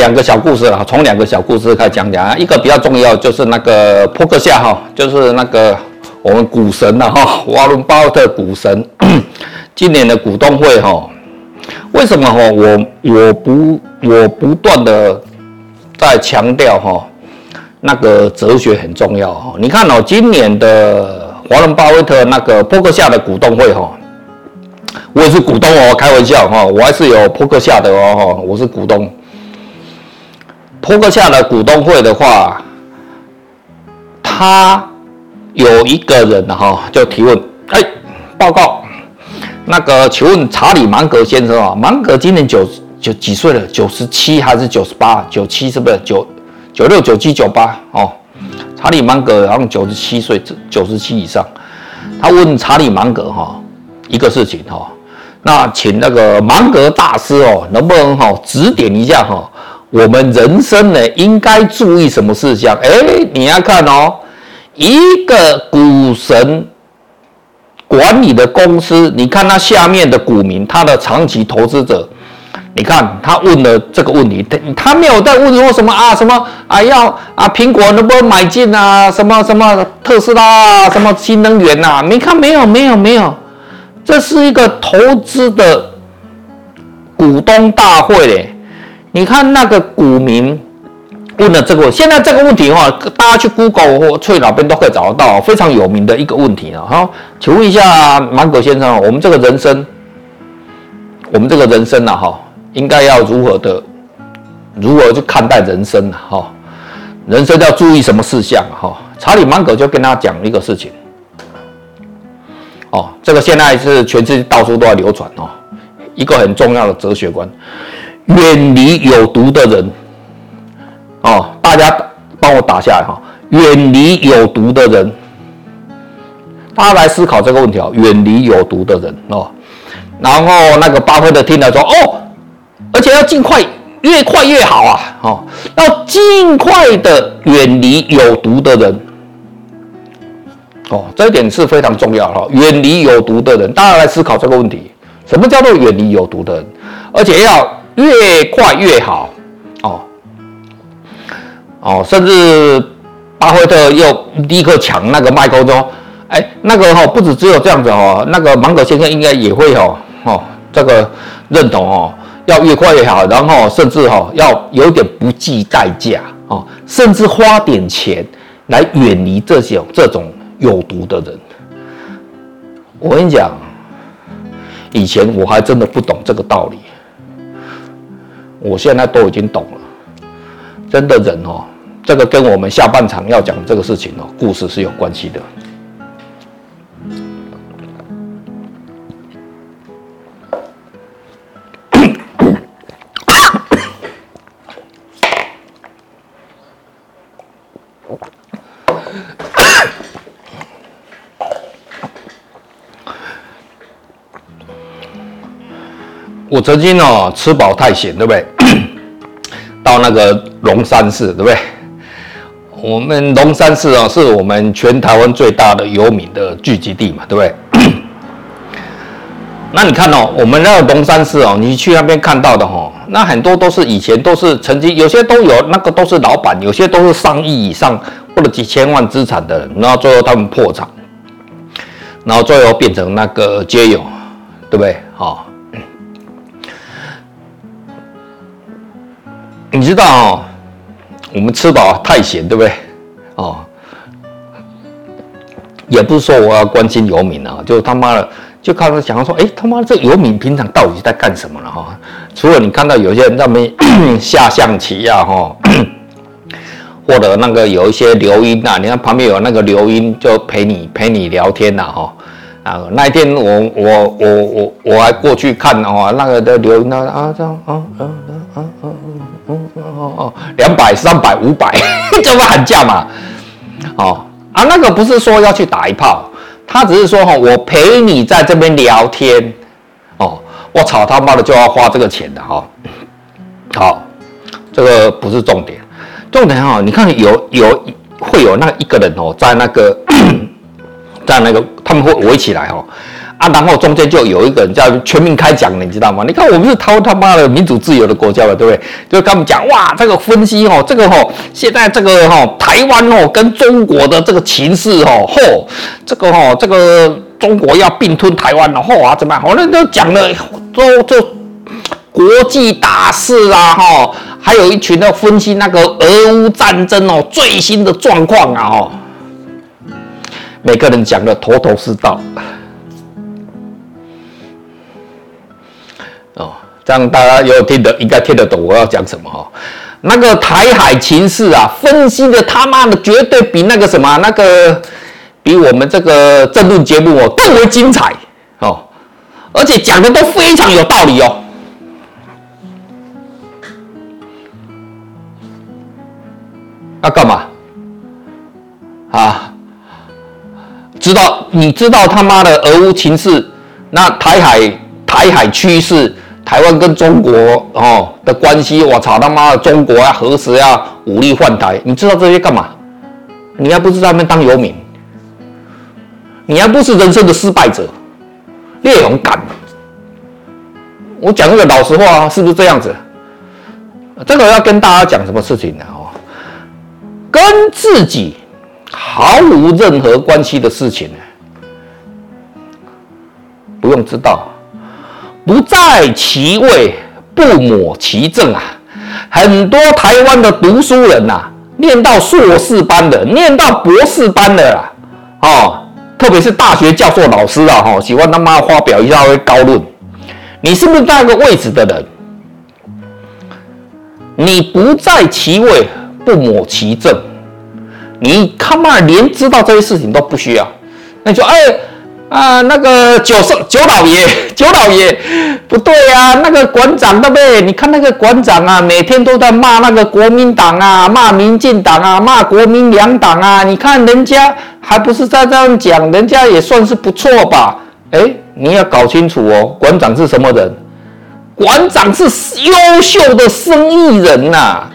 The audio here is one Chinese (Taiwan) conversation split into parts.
兩個小故事了，從兩個小故事開始講講啊。一個比較重要就是那個伯克夏哈，就是那個我們股神啊，哈，沃倫巴菲特股神。今年的股東會哈，為什麼哈？我不我不我不斷的在強調哈，那個哲學很重要哈。你看哦，今年的華倫巴菲特那個伯克夏的股東會哈，我也是股東哦，開玩笑哈，我還是有伯克夏的哦，我是股東。撲克夏的股東會的話，他有一個人哈，就提問哎、欸，報告那個，請問查理芒格先生啊，芒格今年九九幾歲了？九十七還是九十八？九七是不是？九九六、九七、九八哦？查理芒格好像九十七歲，九十七以上。他問查理芒格哈，一個事情哈，那請那個芒格大師哦，能不能哈指點一下哈？我們人生呢，應該注意什麼事項？誒、欸，你要看哦，一個股神管理的公司，你看他下面的股民，他的長期投資者，你看他問了這個問題，他他沒有在問說什麼啊什麼啊要啊蘋果能不能買進啊？什麼什麼特斯拉啊？什麼新能源啊。你看沒有沒有沒有，這是一個投資的股東大會你看那個股民問了這個問題，現在這個問題的話，大家去 Google 或去哪邊都可以找得到，非常有名的一個問題啊。好，請問一下芒格先生，我們這個人生，我們這個人生啊，哈，應該要如何的，如何去看待人生呢哈？人生要注意什麼事項哈？查理芒格就跟他講一個事情，哦，這個現在是全世界到處都在流傳哦，一個很重要的哲學觀。遠離有毒的人，哦，大家幫我打下來哈。遠離有毒的人，大家來思考這個問題啊。遠離有毒的人哦，然後那個巴菲特聽了說：“哦，而且要盡快，越快越好啊，哦，要盡快的遠離有毒的人。”哦，這一點是非常重要哈。遠離有毒的人，大家來思考這個問題：什麼叫做遠離有毒的人？而且要。越快越好，哦哦，甚至巴菲特又立刻搶那個麥克風，哎、欸，那個哈、哦，不止只有這樣子哦，那個芒格先生應該也會哦哦，這個認同哦，要越快越好，然後甚至哈、哦、要有點不計代價哦，甚至花點錢來遠離這些、哦、這種有毒的人。我跟你講，以前我還真的不懂這個道理。我現在都已經懂了，真的人哦，這個跟我們下半場要講這個事情哦，故事是有關係的。 我曾經哦，吃飽太閒對不對？ 到那個龍山寺，對不對？我們龍山寺啊，是我們全台灣最大的遊民的聚集地嘛，對不對？ 那你看哦，我們那個龍山寺哦，你去那邊看到的哈，那很多都是以前都是曾經有些都有那個都是老闆，有些都是上億以上或者幾千萬資產的人，然後最後他們破產，然後最後變成那個街友，對不對？哈。知道我們吃飽太閒，對不對？哦，也不是說我要關心游民啊，就是他媽的，就看到想說，哎、欸，他媽這游民平常到底在幹什麼呢？哈？除了你看到有些人在那邊 下象棋呀，哈，或者那個有一些留音啊，你看旁邊有那個留音就陪你陪你聊天吶、啊。哈。啊，那一天我我我我我還過去看的話，那個的留音啊啊這樣啊啊啊啊啊。啊啊啊啊啊哦，哦哦，兩百三百五百，這個喊價嘛？哦啊，那個不是說要去打一炮，他只是說哈，我陪你在這邊聊天哦。我操他媽的就要花這個錢的哈、哦。好、哦，這個不是重點，重點哈、哦，你看有有會有那個一個人哦，在那個在那個他們會圍起來哦。啊，然後中間就有一個人叫全民開講，你知道嗎？你看，我們是掏他媽的民主自由的國家了，對不對？就跟他們講哇，這個分析哦，這個哦，現在這個哈、哦，台灣哦，跟中國的這個情勢哦，嚯、哦，這個哦，這個中國要併吞台灣了、哦，嚯、哦、啊，怎麼樣？哦，好多人都講了，都就，就國際大事啊，哈、哦，還有一群在分析那個俄烏戰爭哦最新的狀況啊，哦，每個人講的頭頭是道。哦，這樣大家有聽得應該聽得懂我要講什麼哦。那個台海情勢啊，分析的他媽的絕對比那個什麼那個，比我們這個政論節目哦更為精彩哦，而且講的都非常有道理哦。要、啊、幹嘛？啊，知道你知道他媽的俄烏情勢，那台海台海趨勢。台灣跟中國哦的關係，我操他媽的！中國啊，何時啊，武力換台？你知道這些幹嘛？你還不是在外面當遊民？你還不是人生的失敗者？劣勇敢！我講這個老實話啊，是不是這樣子？這個要跟大家講什麼事情呢？哦，跟自己毫無任何關係的事情呢，不用知道。不在其位，不謀其政啊！很多台灣的讀書人吶、啊，念到碩士班的，念到博士班的啦、啊，哦，特別是大學教授老師啊，哈，喜歡他媽發表一下會高論。你是不是在那個位置的人？你不在其位，不謀其政。你他媽連知道這些事情都不需要，那就哎。欸呃那個、啊，那個九少九老爺，九老爺不對呀，那個館長對不對？你看那個館長啊，每天都在罵那個國民黨啊，罵民進黨啊，罵國民兩黨啊。你看人家還不是在這樣講，人家也算是不錯吧？哎、欸，你要搞清楚哦，館長是什麼人？館長是優秀的生意人吶、啊。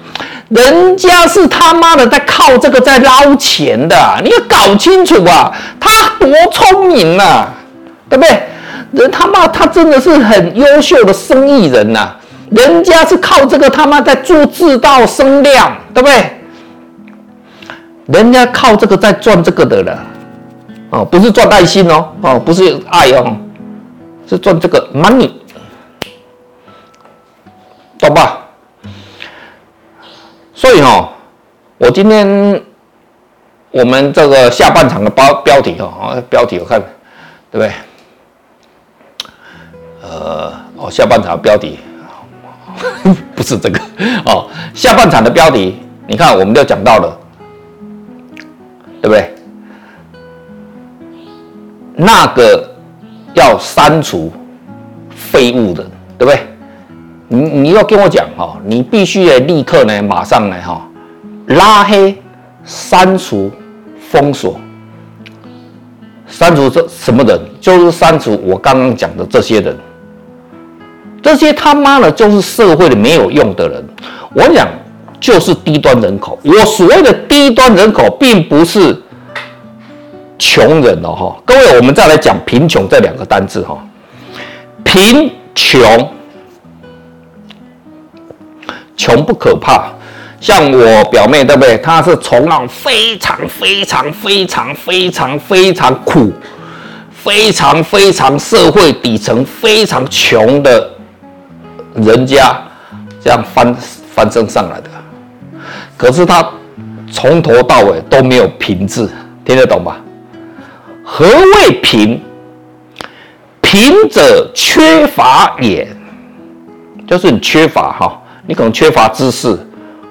人家是他媽的在靠這個在撈錢的，你要搞清楚吧、啊？他多聰明啊，對不對？人他媽他真的是很優秀的生意人吶、啊，人家是靠這個他媽在做製造聲量，對不對？人家靠這個在賺這個的了，哦，不是賺愛心哦，哦，不是愛哦，是賺這個 money，懂吧？所以哈，我今天我們這個下半場的標標題哈，啊，標題我看對不對？呃，哦，下半場標題不是這個哦，下半場的標題，呵呵、這個哦、的標題你看我們就講到了對不對？那個要刪除廢物的對不對？你你要跟我講哈，你必須得立刻呢，馬上來哈，拉黑、刪除、封鎖、刪除這什麼人？就是刪除我剛剛講的這些人，這些他媽的，就是社會的沒有用的人。我講就是低端人口。我所謂的低端人口，並不是窮人哦哈。各位，我們再來講貧窮這兩個單字哈，貧窮。窮不可怕，像我表妹，對不對？她是從小非常、非常、非常、非常、非常苦，非常、非常社會底層，非常窮的人家，這樣翻翻身上來的。可是她從頭到尾都沒有貧字，聽得懂吧？何謂貧？貧者缺乏也，就是你缺乏哈。你可能缺乏知識，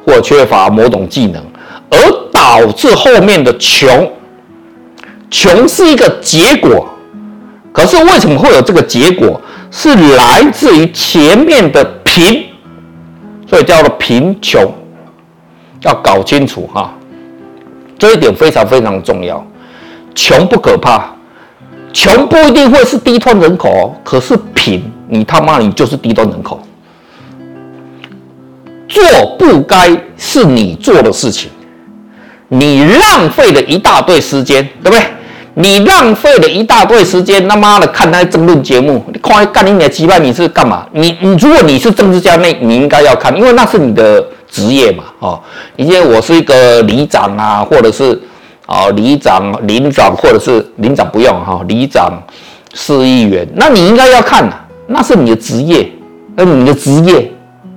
或缺乏某種技能，而導致後面的窮。窮是一個結果，可是為什麼會有這個結果？是來自於前面的貧，所以叫做貧窮。要搞清楚哈，這一點非常非常重要。窮不可怕，窮不一定會是低端人口，可是貧，你他媽你就是低端人口。做不該是你做的事情，你浪費了一大堆時間，對不對？你浪費了一大堆時間，他媽的看那些爭論節目，你看幹你你的雞巴你是幹嘛？你你如果你是政治家，那你應該要看，因為那是你的職業嘛，哦，因為我是一個里長啊，或者是啊里、哦、長、鄰長，或者是鄰長不用哈，里、哦、長市議員，那你應該要看吶，那是你的職業，那你的職業你的職業，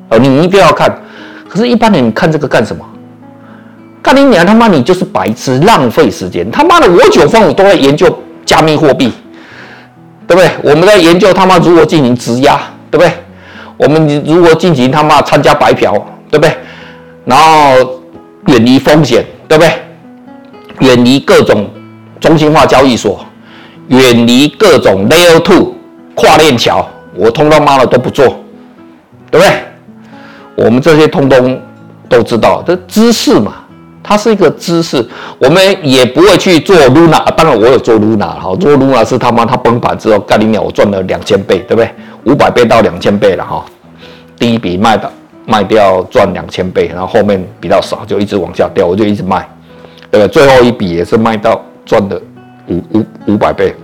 哦，你一定要看。可是，一般人看這個幹什麼？幹你娘！他媽，你就是白痴，浪費時間！他媽的，我久方武都在研究加密貨幣，對不對？我們在研究他媽如何進行質押，對不對？我們如何進行他媽參加白嫖，對不對？然後遠離風險，對不對？遠離各種中心化交易所，遠離各種 Layer Two 跨鏈橋，我通到媽的都不做，對不對？我們這些通通都知道，這知識嘛，它是一個知識。我們也不會去做 Luna，啊，當然我有做 Luna 了哈。做 Luna 是他媽他崩盤之後，概念鳥我賺了兩千倍，對不對？五百倍到兩千倍了哈。第一筆賣的賣掉賺兩千倍，然後後面比較少，就一直往下掉，我就一直賣。對不對？最後一筆也是賣到賺的五五五百倍。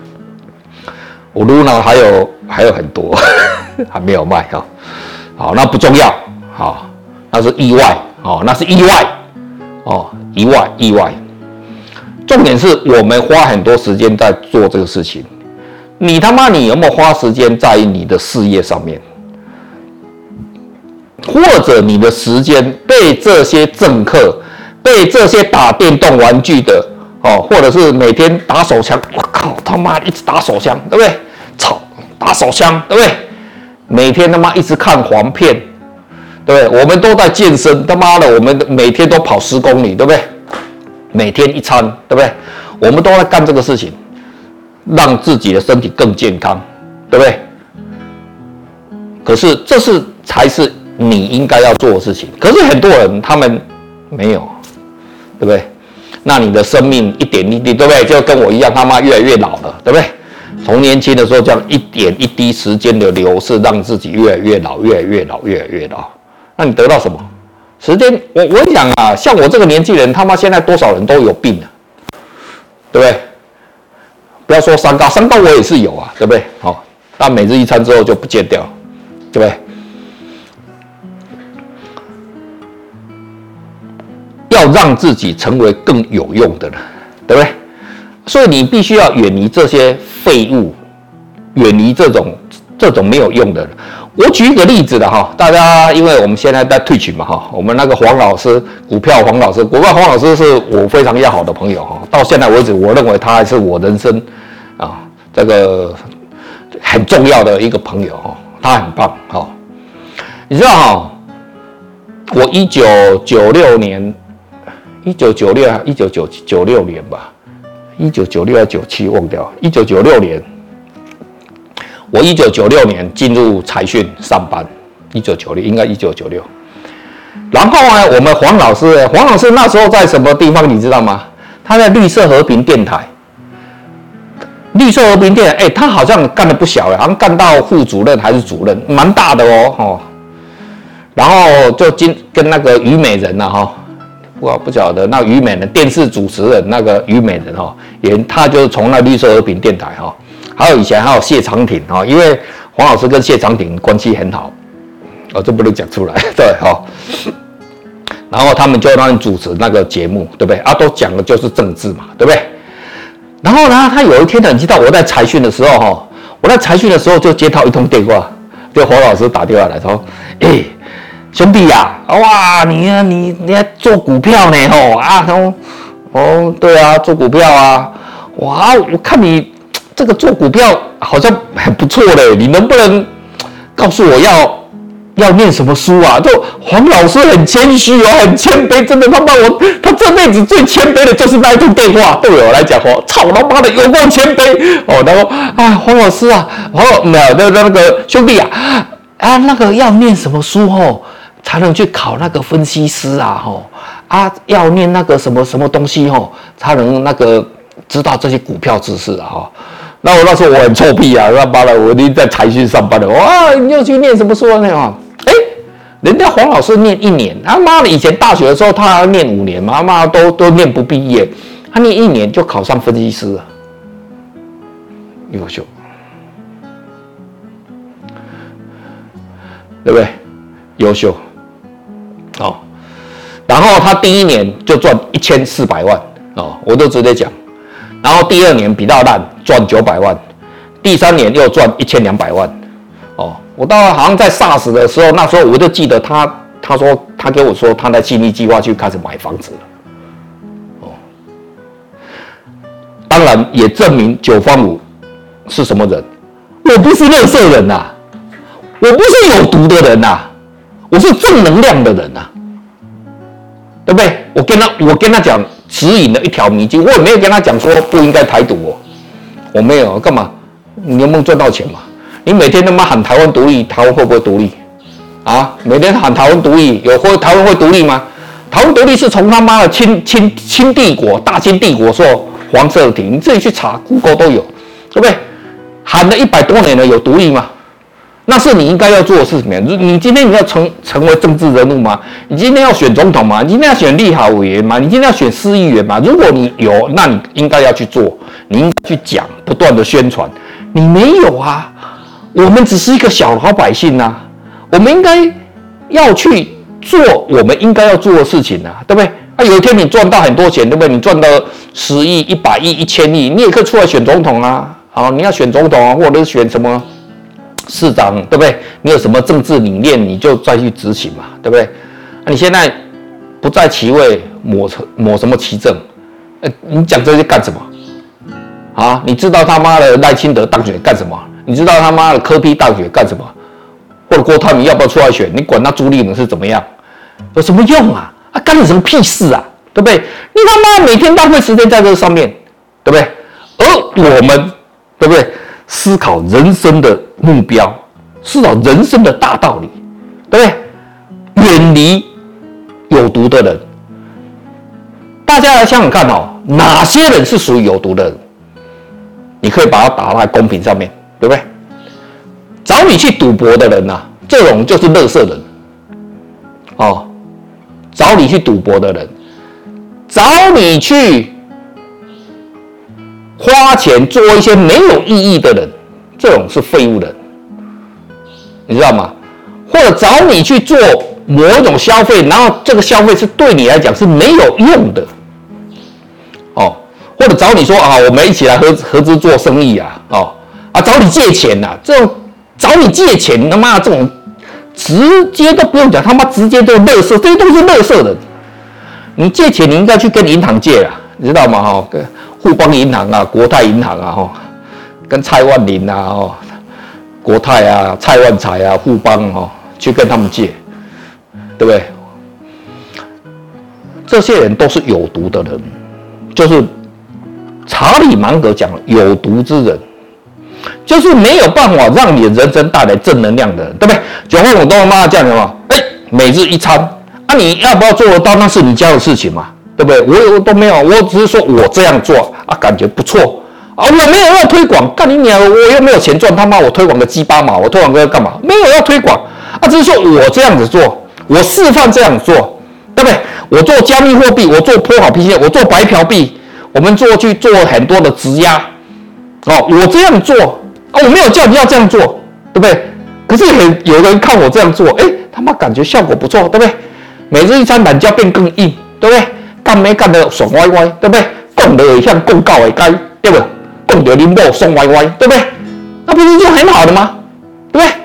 我 Luna 還有還有很多還沒有賣哈。好，那不重要。好，那是意外哦，那是意外哦，意外意外。重點是我們花很多時間在做這個事情，你他媽你有沒有花時間在你的事業上面？或者你的時間被這些政客、被這些打電動玩具的哦，或者是每天打手槍，我靠，他媽一直打手槍，對不對？操，打手槍，對不對？每天他媽一直看黃片。對不對，我們都在健身，他媽的，我們每天都跑十公里，對不對？每天一餐，對不對？我們都在幹這個事情，讓自己的身體更健康，對不對？可是這是才是你應該要做的事情。可是很多人他們沒有，對不對？那你的生命一點一滴，對不對？就跟我一樣，他媽越來越老了，對不對？從年輕的時候這樣一點一滴時間的流逝，讓自己越來越老，越來越老，越來越老。那你得到什麼？時間，我我跟你講啊，像我這個年紀人，他媽現在多少人都有病啊，對不對？不要說三高，三高我也是有啊，對不對？好、哦，那每日一餐之後就不見掉，對不對？要讓自己成為更有用的人，對不對？所以你必須要遠離這些廢物，遠離這種這種沒有用的人。我舉一個例子的哈，大家因為我們現在在退群嘛哈，我們那個黃老師股票黃老師股票黃老師是我非常要好的朋友哈，到現在為止我認為他還是我人生啊這個很重要的一個朋友哈，他很棒哈。你知道哈，我一九九六年一九九六一九九六年吧，一九九六還是九七忘掉，一九九六年。我一九九六年進入財訊上班，一九九六應該一九九六。然後呢，我們黃老師，黃老師那時候在什麼地方，你知道嗎？他在綠色和平電台。綠色和平電台，哎，他好像幹得不小了，好像幹到副主任還是主任，蠻大的哦，然後就跟跟那個虞美人了，哈，不不曉得那虞美人電視主持人那個虞美人，哈，也他就從那綠色和平電台，哈。還有以前還有謝長廷啊，因為黃老師跟謝長廷關係很好，哦，這不能講出來，對哈。然後他們就讓你主持那個節目，對不對？啊，都講的就是政治嘛，對不對？然後呢，他有一天呢，你知道我在財訊的時候哈，我在財訊的時候就接到一通電話，就黃老師打電話來說：“誒、哎，兄弟呀、啊，哇，你呀、啊、你你還、啊、做股票呢哦啊，他、哦、說：哦，對啊，做股票啊，哇，我看你。”這個做股票好像很不錯嘞，你能不能告訴我要要念什麼書啊？就黃老師很謙虛哦，很謙卑，真的，他把我他這輩子最謙卑的就是那一通電話，對我來講，吼，操，他媽的有，有光謙卑哦。然後，哎，黃老師啊，黃沒有那那那個兄弟啊，啊，那個要念什麼書哦，才能去考那個分析師啊？吼、哦，啊，要念那個什麼什麼東西哦，才能那個知道這些股票知識啊？那我那時候我很臭屁啊，那媽的，我就在財訊上班了，哇，你又去念什麼書呢？啊，哎、欸，人家黃老師念一年，他媽的以前大學的時候他要念五年，媽媽都都念不畢業，他念一年就考上分析師了，優秀，對不對？優秀，哦，然後他第一年就賺一千四百萬哦，我就直接講。然後第二年比大蛋賺九百萬，第三年又賺一千兩百萬，哦，我到好像在 SARS 的時候，那時候我就記得他，他說他給我說，他的計利計劃就開始買房子了，哦，當然也證明久方武是什麼人，我不是垃圾人吶、啊，我不是有毒的人吶、啊，我是正能量的人吶、啊，對不對？我跟他，我跟他講。指引了一條迷津，我也沒有跟他講說不應該台獨哦，我沒有幹嘛？你有沒有賺到錢嗎？你每天他媽喊台灣獨立，台灣會不會獨立啊？每天喊台灣獨立，有會台灣會獨立嗎？台灣獨立是從他媽的清清清帝國、大清帝國說黃色的，你自己去查，谷歌都有，對不對？喊了一百多年了，有獨立嗎？那是你應該要做的是什麼？你今天你要成成為政治人物嗎？你今天要選總統嗎？你今天要選立法委員嗎？你今天要選市議員嗎？如果你有，那你應該要去做，你應該去講，不斷的宣傳。你沒有啊？我們只是一個小老百姓吶、啊，我們應該要去做我們應該要做的事情吶、啊，對不對？啊，有一天你賺到很多錢，對不對？你賺到十億、一百億、一千億，你也可以出來選總統啊。好，你要選總統啊，或者是選什麼？市長，對不對？你有什麼政治理念，你就再去執行嘛，對不對？你現在不在其位謀，謀成什麼其政？欸、你講這些幹什麼？啊，你知道他媽的賴清德當選幹什麼？你知道他媽的柯 P 當選幹什麼？或者郭台銘你要不要出來選？你管那朱立倫是怎麼樣，有什麼用啊？他干你什麼屁事啊？對不對？你他媽每天浪費時間在這上面，對不對？而我們對不對？思考人生的目標，思考人生的大道理，對不對？遠離有毒的人。大家來想想看哦，哪些人是屬於有毒的人？你可以把它打在公屏上面，對不對？找你去賭博的人吶、啊，這種就是樂色人哦。找你去賭博的人，找你去。花錢做一些沒有意義的人，這種是廢物的人，你知道嗎？或者找你去做某種消費，然後這個消費是對你來講是沒有用的，哦，或者找你說啊，我們一起來合合資做生意啊，哦，啊，找啊，找你借錢吶，這種找你借錢，他媽這種直接都不用講，他媽直接都垃圾，這些都是垃圾的。你借錢，你應該去跟銀行借啊，你知道嗎？哈、哦富邦銀行啊，國泰銀行啊，跟蔡萬霖啊，吼，國泰啊，蔡萬才啊，富邦,、啊、邦啊，去跟他們借，對不對？這些人都是有毒的人，就是查理芒格講有毒之人，就是沒有辦法讓你人生帶來正能量的人，對不對？九號股東媽媽講什麼？誒、欸、每日一餐，那、啊、你要不要做得到？那是你家的事情嘛、啊。對不對？我我都沒有，我只是說我這樣做啊，感覺不錯啊。我沒有要推廣，幹你娘，我又沒有錢賺，他媽我推廣個雞巴嘛！我推廣個幹嘛？沒有要推廣啊，只是說我這樣子做，我示範這樣做，對不對？我做加密貨幣，我做潑好幣線，我做白嫖幣，我們做去做很多的質押。哦，我這樣做啊，我沒有叫你要這樣做，對不對？可是很，有人看我這樣做，哎，他媽感覺效果不錯，對不對？每日一餐板膠變更硬，對不對？干沒干的爽歪歪，對不對？供的也像供告也該，對不對？供着你我送歪歪，對不對？那不是就很好的嗎？對不對？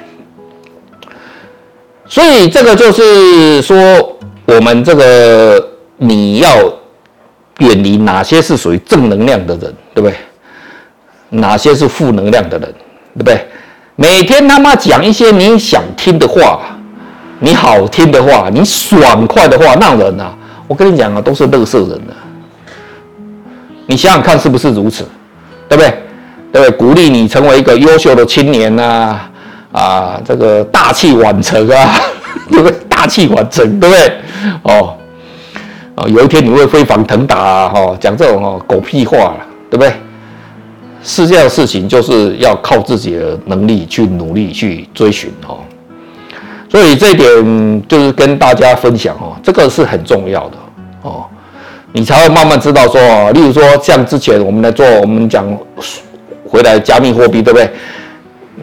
所以這個就是說，我們這個你要遠離哪些是屬於正能量的人，對不對？哪些是負能量的人，對不對？每天他媽講一些你想聽的話，你好聽的話，你爽快的話，那人啊！我跟你講啊，都是垃圾人的，你想想看是不是如此？對不對？對不對？鼓勵你成為一個優秀的青年吶、啊，啊，這個大器晚成啊，對不對？大器晚成，對不對？哦，哦，有一天你會飛黃騰達啊！哈、哦，講這種哦狗屁話、啊、對不對？世界的事情就是要靠自己的能力去努力去追尋哦。所以這點就是跟大家分享哦，這個是很重要的哦，你才會慢慢知道說，例如說像之前我們來做，我們講回來加密貨幣，對不對？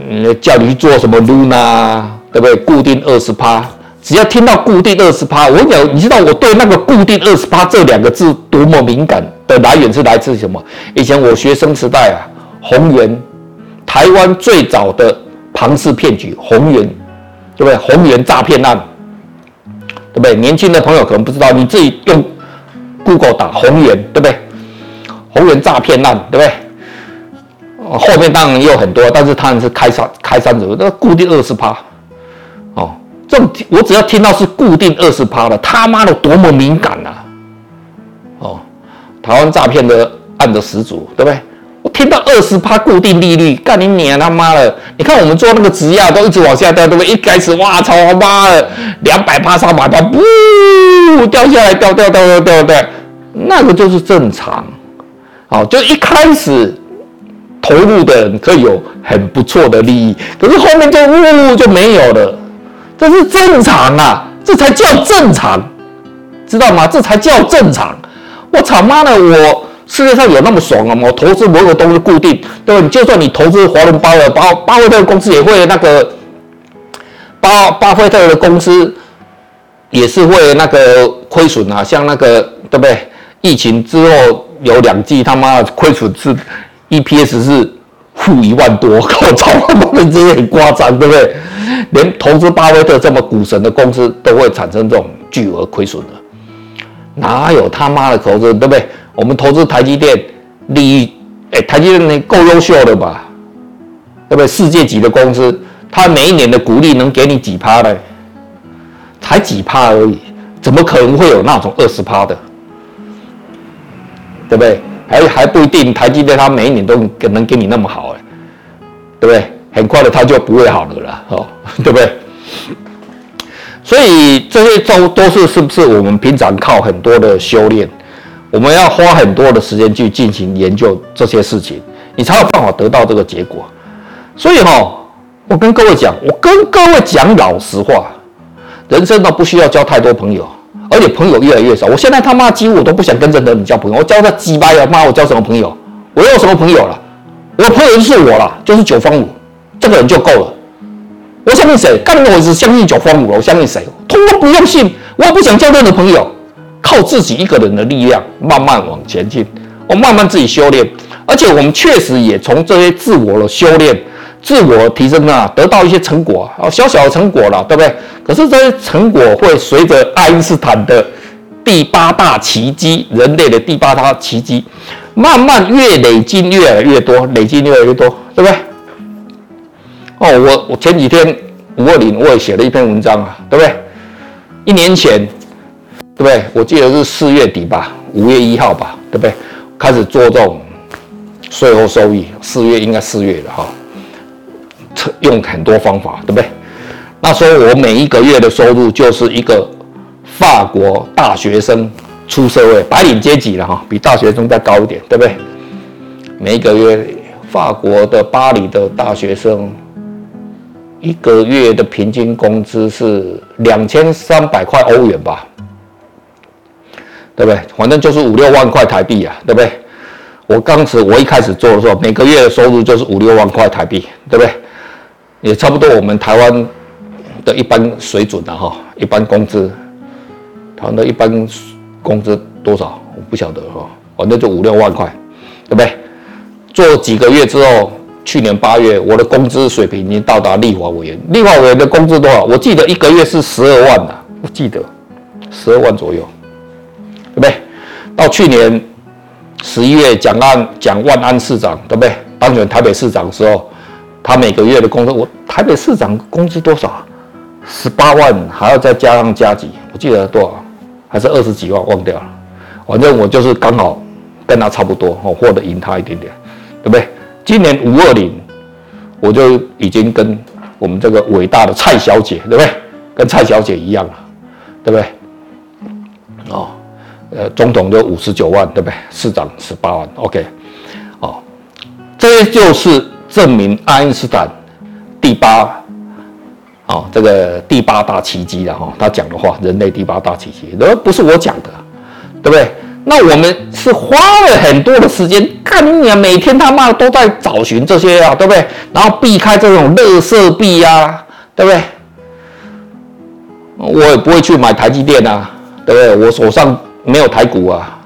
嗯，叫你去做什麼 Luna 對不對？固定二十趴，只要聽到固定二十趴，我跟你講，你知道我對那個固定二十趴這兩個字多麼敏感的來源是來自什麼？以前我學生時代啊，鴻源，台灣最早的龐氏騙局，鴻源。對不對？鴻源詐騙案，對不對？年輕的朋友可能不知道，你自己用 Google 打“鴻源”，對不對？鴻源詐騙案，對不對？後面當然也有很多，但是他們是開三開三折，那固定二十趴哦。這我只要聽到是固定二十趴的，他媽的多麼敏感吶、啊！哦，台灣詐騙的案的始祖，對不對？聽到二十趴固定利率，幹你娘他媽的。你看我們做那個質押都一直往下掉，對不對？一開始哇操媽的，兩百趴、三百趴，噗掉下來，掉掉掉掉掉掉，那個就是正常。好，就一開始投入的人可以有很不錯的利益，可是後面就嗚就沒有了，這是正常啊，這才叫正常，知道嗎？這才叫正常。我操媽的，我。世界上有那麼爽嗎、啊？我投資某個東西固定，對不對？就算你投資華倫巴菲特，巴巴菲特的公司也會那個，巴巴菲特的公司也是會那個虧損啊。像那個對不對？疫情之後有兩季他媽的虧損是 E P S 是負一萬多，超操，百這之很誇張，對不對？連投資巴菲特這麼股神的公司都會產生這種巨額虧損的，哪有他媽的投資，對不對？我們投資台積電，你，哎、欸，台積電夠優秀的吧？對不對？世界級的公司，他每一年的股利能給你幾趴呢？才幾趴而已，怎麼可能會有那種二十趴的？對不對？還、欸、還不一定，台積電它每一年都可能給你那麼好、欸，哎，對不對？很快的，它就不會好了啦，哦，對不對？所以這些都都是是不是我們平常靠很多的修煉？我們要花很多的時間去進行研究這些事情，你才有辦法得到這個結果。所以哈，我跟各位講，我跟各位講老實話，人生都不需要交太多朋友，而且朋友越來越少。我現在他媽幾乎都不想跟任何人交朋友，我交他雞巴呀媽！我交什麼朋友？我又有什麼朋友了？我的朋友就是我了，就是久方武這個人就夠了。我相信誰？告訴我只相信久方武，我相信誰？通通不用信，我不想交任何朋友。靠自己一個人的力量慢慢往前進，我、哦、慢慢自己修煉，而且我們確實也從這些自我的修煉、自我的提升啊，得到一些成果啊、哦，小小的成果了，對不對？可是這些成果會隨着愛因斯坦的第八大奇蹟，人類的第八大奇蹟，慢慢越累積越來越多，累積越來越多，對不對？哦，我我前幾天五二零我也寫了一篇文章啊，對不對？一年前。對不對？我記得是四月底吧，五月一號吧，對不對？開始做這種稅後收益。四月應該四月了哈、哦，用很多方法，對不對？那時候我每一個月的收入就是一個法國大學生出社會，白領階級了哈、哦，比大學生再高一點，對不對？每一個月，法國的巴黎的大學生一個月的平均工資是兩千三百塊歐元吧。對不對？反正就是五六萬塊台幣啊，對不對？我剛時我一開始做的時候，每個月的收入就是五六萬塊台幣，對不對？也差不多我們台灣的一般水準的、啊、哈，一般工資，台灣的一般工資多少？我不曉得哈，反正就五六萬塊，對不對？做幾個月之後，去年八月我的工資水平已經到達立法委員，立法委員的工資多少？我記得一個月是十二萬的、啊，我記得十二萬左右。到去年十一月，蔣安蔣萬安市長，對不對，當選台北市長的時候，他每個月的工資，我台北市長工資多少？十八萬還要再加上加幾，我記得多少？還是二十幾萬？忘掉了。反正我就是剛好跟他差不多，我獲得贏他一點點，對不對？今年五二零，我就已經跟我們這個偉大的蔡小姐，對不對？跟蔡小姐一樣了，對不對？哦。呃，總統就五十九萬，對不對？市長十八萬，OK，哦，這就是證明愛因斯坦第八啊、哦，這個第八大奇蹟了哈、哦。他講的話，人類第八大奇蹟，那不是我講的，對不對？那我們是花了很多的時間，看你、啊、每天他媽的都在找尋這些啊，對不對？然後避開這種樂色幣啊，對不對？我也不會去買台積電啊，對不對？我手上。沒有台股啊，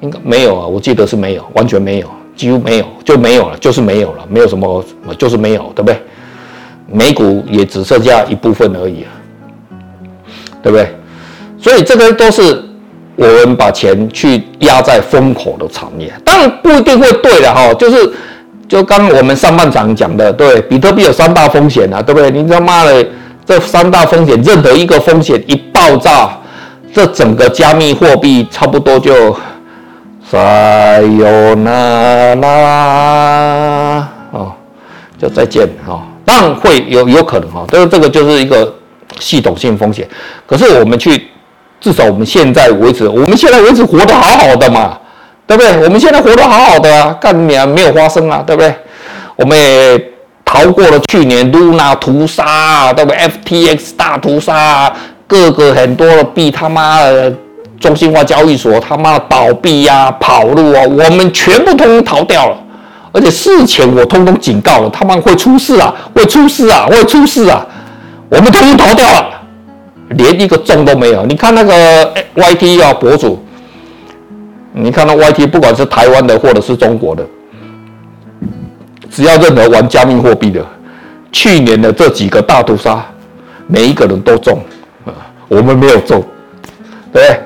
應該沒有啊，我記得是沒有，完全沒有，幾乎沒有，就沒有了，就是沒有了，沒有什麼，就是沒有，對不對？美股也只剩下一部分而已啊，對不對？所以這個都是我們把錢去壓在風口的產業，當然不一定會對的哈，就是就剛剛我們上半場講的，對比特幣有三大風險啊，對不對？你他媽的這三大風險任何一個風險一爆炸。這整個加密貨幣差不多就 Sayonara，哦，就再見哈，哦。當然會有有可能哈，但，哦，是這個就是一個系統性風險。可是我們去，至少我們現在為止，我們現在為止活得好好的嘛，對不對？我們現在活得好好的啊，幹你沒有發生啊，對不對？我們也逃過了去年 Luna 屠殺啊，對不對？FTX 大屠殺啊。各個，個很多的幣，他媽的中心化交易所，他媽的倒閉呀、啊，跑路啊，我們全部通通逃掉了。而且事前我通通警告了，他們會出事啊，會出事啊，會出事啊，我們通通逃掉了，連一個中都沒有。你看那個 YT 啊、哦，博主，你看那 YT，不管是台灣的或者是中國的，只要任何玩加密貨幣的，去年的這幾個大屠殺，每一個人都中。我們沒有做，對不對？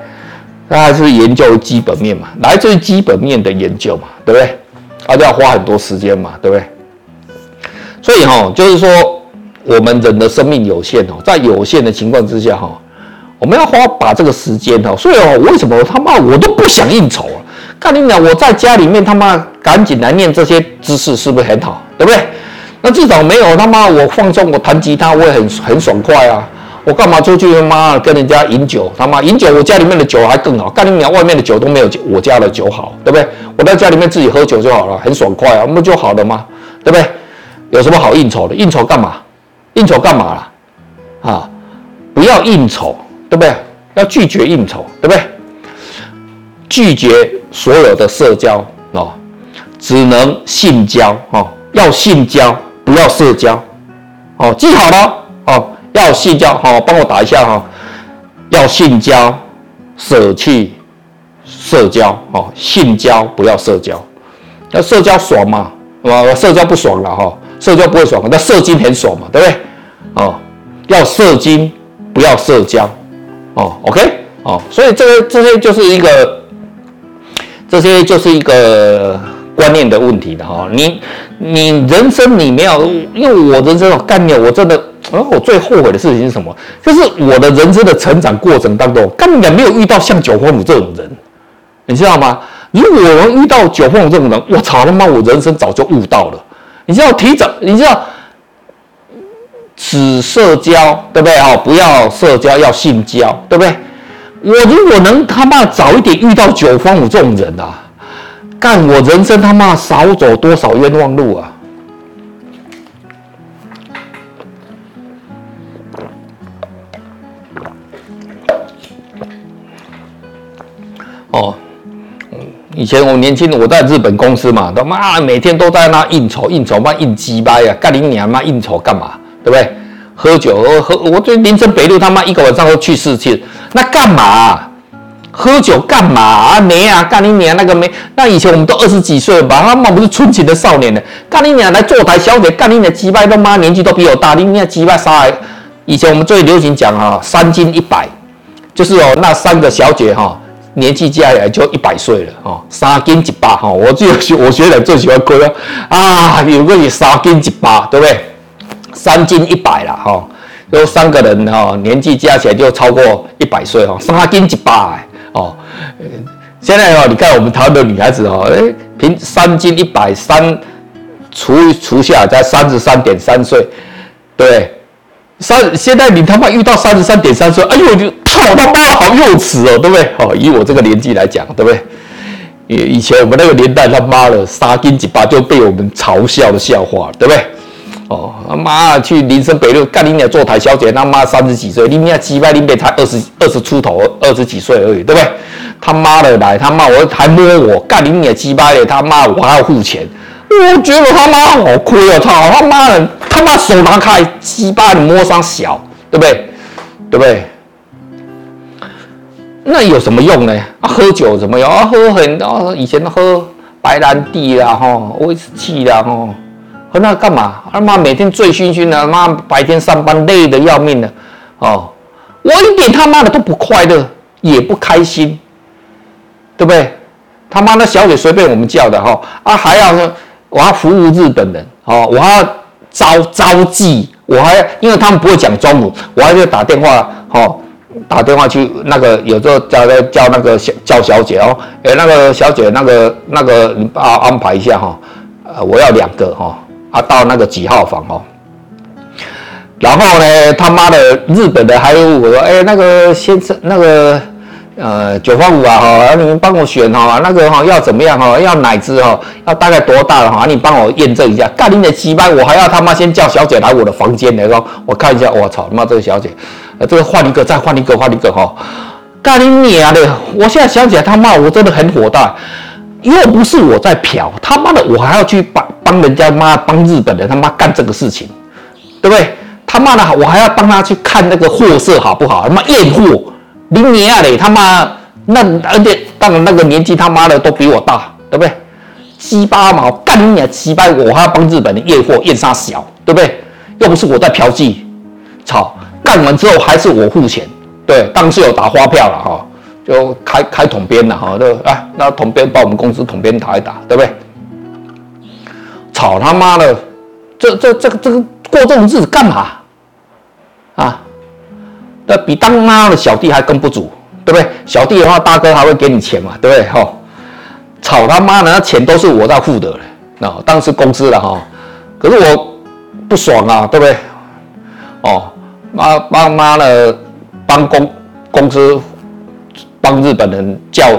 那還是研究基本面嘛，來自於基本面的研究嘛，對不對？啊，就要花很多時間嘛，對不對？所以哈、哦，就是說我們人的生命有限哦，在有限的情況之下哈，我們要花把這個時間哈。所以哦，為什麼他媽我都不想應酬啊？跟你講我在家裡面他媽趕緊來念這些知識，是不是很好？對不對？那至少沒有他媽我放鬆，我彈吉他，我也很很爽快啊。我幹嘛出去？他媽，跟人家飲酒，他媽飲酒，我家裡面的酒還更好。幹你娘，外面的酒都沒有我家的酒好，對不對？我在家裡面自己喝酒就好了，很爽快啊，那不就好了嗎？對不對？有什麼好應酬的？應酬幹嘛？應酬幹嘛啦？啊？啊，不要應酬，對不對？要拒絕應酬，對不對？拒絕所有的社交哦，只能性交哦，要性交，不要社交哦，記好了哦。要性交，好、喔，幫我打一下哈、喔。要性交，捨棄社交，哈、喔，性交不要社交，那社交爽嘛？啊，社交不爽了哈、喔，社交不會爽，那射精很爽嘛，對不對？哦、喔，要射精，不要社交，哦、喔、OK，哦、喔，所以這個這些就是一個，這些就是一個。觀念的問題的哈，你你人生你沒有，因為我的這種概念，我真的，然後我最後悔的事情是什麼？就是我的人生的成長過程當中，根本沒有遇到像久方武這種人，你知道嗎？如果我能遇到久方武這種人，我操他媽，我人生早就悟到了。你知道提早，你知道只社交對不對？哈，不要社交，要性交對不對？我如果能他媽早一點遇到久方武這種人啊！幹我人生他媽少走多少冤枉路啊！哦，以前我年輕，我在日本公司嘛，他媽、啊、每天都在那應酬，應酬嘛，應雞巴呀，幹、啊、你娘嘛，應酬幹嘛？對不對？喝酒喝，喝，我就林森北路他媽一個晚上都去四次，那幹嘛、啊？喝酒幹嘛？娘啊，啊，幹你娘！那個沒……那以前我們都二十幾歲吧，他媽不是純情的少年呢。幹你娘！來坐台小姐，幹你娘！幾百歲媽，年紀都比我大。你娘幾百歲？以前我們最流行講哈，三斤一百，就是哦，那三個小姐哈，年紀加起來就一百歲了哈。三斤一百哈，我最喜我學人最喜歡虧啊，有、啊、個是三斤一百，對不對？三斤一百了哈，有三個人哈，年紀加起來就超過一百歲哈，三斤一百。哦，現在哦，你看我們台灣的女孩子哦，哎，平三斤一百三，除除下才三十三點三歲，對，對，三現在你他媽遇到三十三點三歲，哎呦，我就，操他媽好幼稚哦，對不對？哦，以我這個年紀來講，對不對？以以前我們那個年代，他媽的三斤幾巴就被我們嘲笑的笑話，對不對？哦，他媽去林森北路幹你娘坐台小姐，他媽三十幾歲，你娘雞巴，林北才二十二十出頭，二十幾歲而已，對不對？他媽的來，來他媽，我還摸我幹你娘雞巴嘞，他媽我還要付錢，哦，我覺得他媽我虧了操，他媽的，他媽手拿開雞巴，你摸上小，對不對？對不對？那有什麼用呢？啊、喝酒怎麼樣？啊、喝很多，啊，以前喝白蘭地啦，吼威士忌啦，吼。跟他幹嘛？他、啊、媽每天醉醺醺的，媽、啊、白天上班累得要命的哦，我一點他媽的都不快樂，也不開心，對不對？他媽那小姐隨便我們叫的哈、哦，啊還要說，我要服務日本人，哦，我還要招招妓，我還要，因為他們不會講中文，我還要打電話，哦，打電話去那個有時候叫叫那個小叫小姐哦，哎、欸、那個小姐那個那個你幫我安排一下哈，呃、哦、我要兩個哈。哦他、啊、到那個幾號房哦，然後呢，他媽的日本的還有我說，哎，那個先生，那個呃九八五啊哈、啊，你們幫我選哈、啊，那個哈、啊、要怎麼樣哈、啊，要哪隻哈、啊，要大概多大的哈、啊，你幫我驗證一下。幹你的雞巴，我還要他媽先叫小姐來我的房間來咯，說我看一下，我操他媽這個小姐，呃、這個換一個再換一個換一個哈、哦，幹你娘的！我現在想起來他媽我真的很火大。又不是我在嫖，他媽的，我還要去幫幫人家媽幫日本人他媽幹這個事情，對不對？他媽的，我還要幫他去看那個貨色好不好？他媽驗貨，你娘嘞，他媽那而且到了那個年紀他媽的都比我大，對不對？雞巴毛幹你娘雞巴，我還要幫日本人驗貨驗啥小，對不對？又不是我在嫖妓，操！幹完之後還是我付錢，對，當時有打發票了哈。就開開統編了哈，就，啊、哎，那統編把我們公司統編打一打，對不對？吵他媽的，這這這個這個過這種日子幹嘛啊？那比當媽的小弟還更不足，對不對？小弟的話，大哥還會給你錢嘛，對不對？哈，吵他媽的，那錢都是我在付的了，那、哦、當然是公司的哈、哦。可是我不爽啊，對不對？哦，媽幫媽的幫公公司。幫日本人叫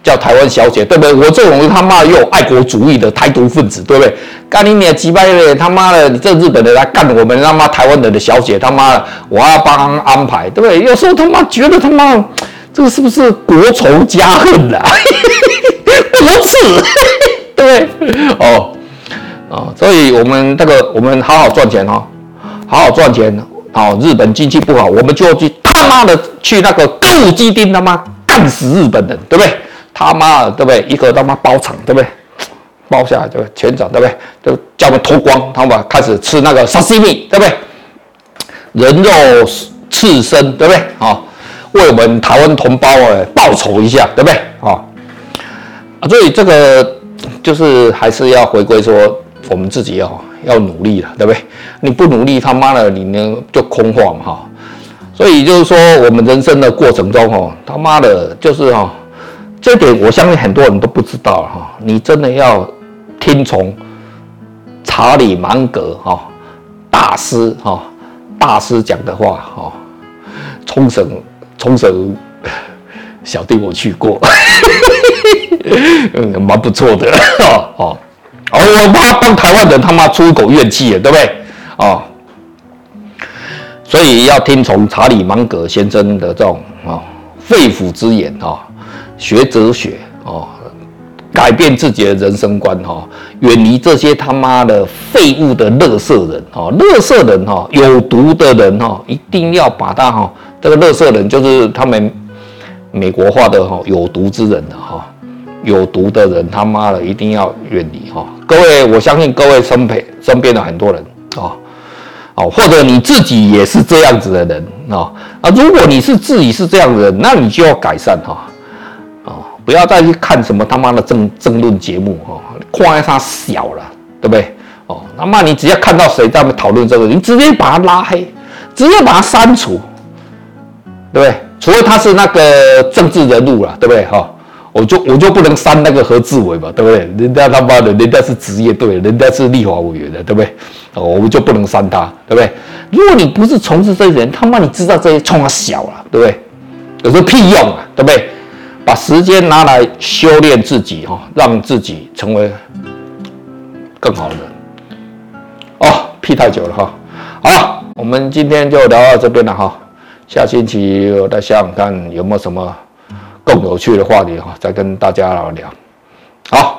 叫台灣小姐，對不對？我這種人他媽又愛國主義的台獨分子，對不對？幹你！雞掰咧，他媽的，這日本人來幹我們他媽台灣人的小姐，他媽的，我要幫安排，對不對？有時候他媽覺得他媽這個是不是國仇家恨啊？ 不是，對不 對？哦，哦，所以我們那、這個我們好好賺錢哦，好好賺錢哦。日本經濟不好，我們就去他媽的去那個歌舞伎町，他媽。幹死日本人，對不對？他媽的，對不對？一個他媽包場，對不對？包下來就全場，對不對？就叫我們脫光，他們開始吃那個沙西米，對不對？人肉刺身，對不對？啊、哦，為我們台灣同胞啊、哎、報仇一下，對不對？啊、哦、啊，所以這個就是還是要回歸說，我們自己要、哦、要努力了，對不對？你不努力，他媽的，你呢就空話嘛哈。哦所以就是說，我們人生的過程中，他媽的，就是哈，這點我相信很多人都不知道，哈，你真的要聽從查理芒格，哈，大師，哈，大師講的話，哈，沖繩，沖繩小弟我去過，蠻 不錯的，哈，哦，我媽幫台灣人他媽出口怨氣，對不對？啊。所以要聽從查理芒格先生的這種啊、哦、肺腑之言啊、哦，學哲學啊、哦，改變自己的人生觀哈，遠、哦、離這些他媽的廢物的樂色人啊，樂、哦、色人哈、哦，有毒的人哈、哦，一定要把他哈、哦、這個樂色人就是他們美國化的哈有毒之人哈，有毒的人他媽的一定要遠離哈，各位我相信各位身陪身邊的很多人啊。哦哦，或者你自己也是這樣子的人啊啊！如果你是自己是這樣的人，那你就要改善哈，哦，不要再去看什麼他媽的政政論節目哈，誇他小了，對不對？哦，那麼你只要看到誰在討論這個，你直接把他拉黑，直接把他刪除，對不對？除了他是那個政治人物了，對不對？哈。我就我就不能刪那個何志偉嘛，對不對？人家他媽的，人家是職業隊，人家是立法委員的，對不對？我就不能刪他，對不對？如果你不是從事這些人，他媽你知道這些衝啊小了，對不對？有這屁用啊，對不對？把時間拿來修煉自己哈，讓自己成為更好的人。哦，屁太久了哈。好，我們今天就聊到這邊了哈。下星期我再想想看有沒有什麼。更有趣的話題哈，再跟大家聊，好。